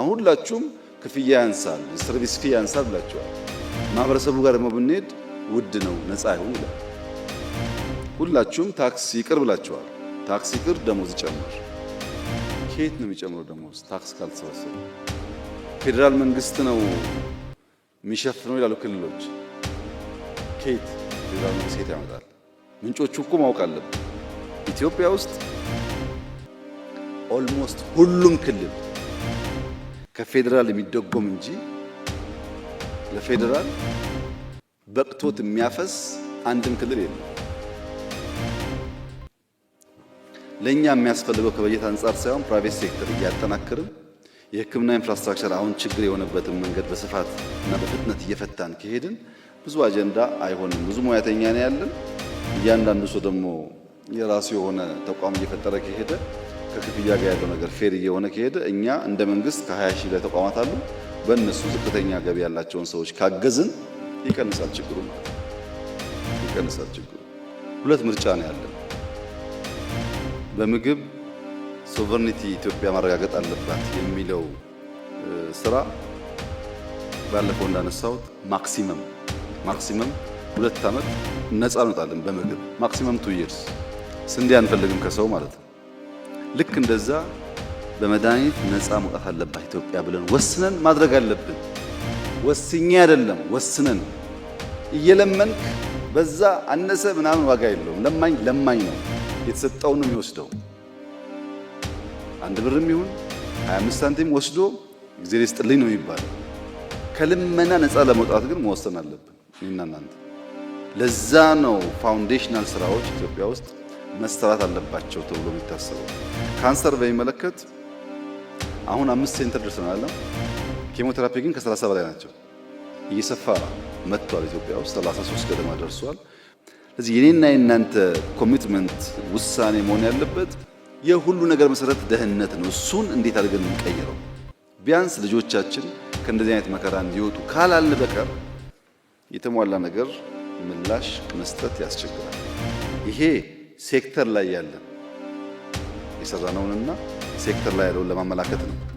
አሁን ሁላችሁም ክፍያ ያንሳል፣ ሰርቪስ ፊ ያንሳል ብላችኋል። ማህበረሰቡ ጋር ደግሞ ብንሄድ ውድ ነው ነፃ አይሆን ይላል። ሁላችሁም ታክስ ይቅር ብላችኋል። ታክስ ይቅር፣ ደሞዝ ይጨምር። ከየት ነው የሚጨምረው ደሞዝ? ታክስ ካልተሰበሰበ ፌዴራል መንግስት ነው የሚሸፍነው ይላሉ ክልሎች። ከየት ፌዴራል መንግስት ከየት ያመጣል? ምንጮቹ እኮ ማወቅ አለብን። ኢትዮጵያ ውስጥ ኦልሞስት ሁሉም ክልል ከፌዴራል የሚደጎም እንጂ ለፌዴራል በቅቶት የሚያፈስ አንድም ክልል የለም። ለእኛ የሚያስፈልገው ከበጀት አንጻር ሳይሆን ፕራይቬት ሴክተር እያጠናክርን የሕክምና ኢንፍራስትራክቸር አሁን ችግር የሆነበትን መንገድ በስፋት እና በፍጥነት እየፈታን ከሄድን ብዙ አጀንዳ አይሆንም። ብዙ ሙያተኛ ነው ያለን። እያንዳንዱ ሰው ደግሞ የራሱ የሆነ ተቋም እየፈጠረ ከሄደ ከክፍያ ጋር ያለው ነገር ፌር እየሆነ ከሄደ እኛ እንደ መንግስት ከ20 ሺህ ላይ ተቋማት አሉ። በእነሱ ዝቅተኛ ገቢ ያላቸውን ሰዎች ካገዝን ይቀንሳል ችግሩ ማለት ይቀንሳል ችግሩ። ሁለት ምርጫ ነው ያለን። በምግብ ሶቨርኒቲ ኢትዮጵያ ማረጋገጥ አለባት የሚለው ስራ ባለፈው እንዳነሳሁት ማክሲመም ማክሲመም ሁለት ዓመት ነፃ እንወጣለን በምግብ ማክሲመም ቱ ይርስ ስንዴ አንፈልግም ከሰው ማለት ነው። ልክ እንደዛ በመድኃኒት ነፃ መውጣት አለባት ኢትዮጵያ ብለን ወስነን ማድረግ አለብን። ወስኜ አይደለም ወስነን እየለመንክ በዛ አነሰ ምናምን ዋጋ የለውም። ለማኝ ለማኝ ነው የተሰጠውን የሚወስደው አንድ ብርም ይሁን 25 ሳንቲም ወስዶ ጊዜ ስጥልኝ ነው የሚባለው። ከልመና ነፃ ለመውጣት ግን መወሰን አለብን እኔና እናንተ። ለዛ ነው ፋውንዴሽናል ስራዎች ኢትዮጵያ ውስጥ መሰራት አለባቸው ተብሎ የሚታሰቡ ካንሰር በሚመለከት አሁን አምስት ሴንተር ደርሰናል። ኬሞቴራፒ ግን ከሰላሳ በላይ ናቸው። እየሰፋ መጥቷል። ኢትዮጵያ ውስጥ 33 ገደማ ደርሷል። ስለዚህ የኔና የእናንተ ኮሚትመንት ውሳኔ መሆን ያለበት የሁሉ ነገር መሰረት ደህንነት ነው። እሱን እንዴት አድርገን እንቀይረው? ቢያንስ ልጆቻችን ከእንደዚህ አይነት መከራ እንዲወጡ ካላልን በቀር የተሟላ ነገር ምላሽ መስጠት ያስቸግራል ይሄ ሴክተር ላይ ያለን የሰራነውንና ሴክተር ላይ ያለውን ለማመላከት ነው።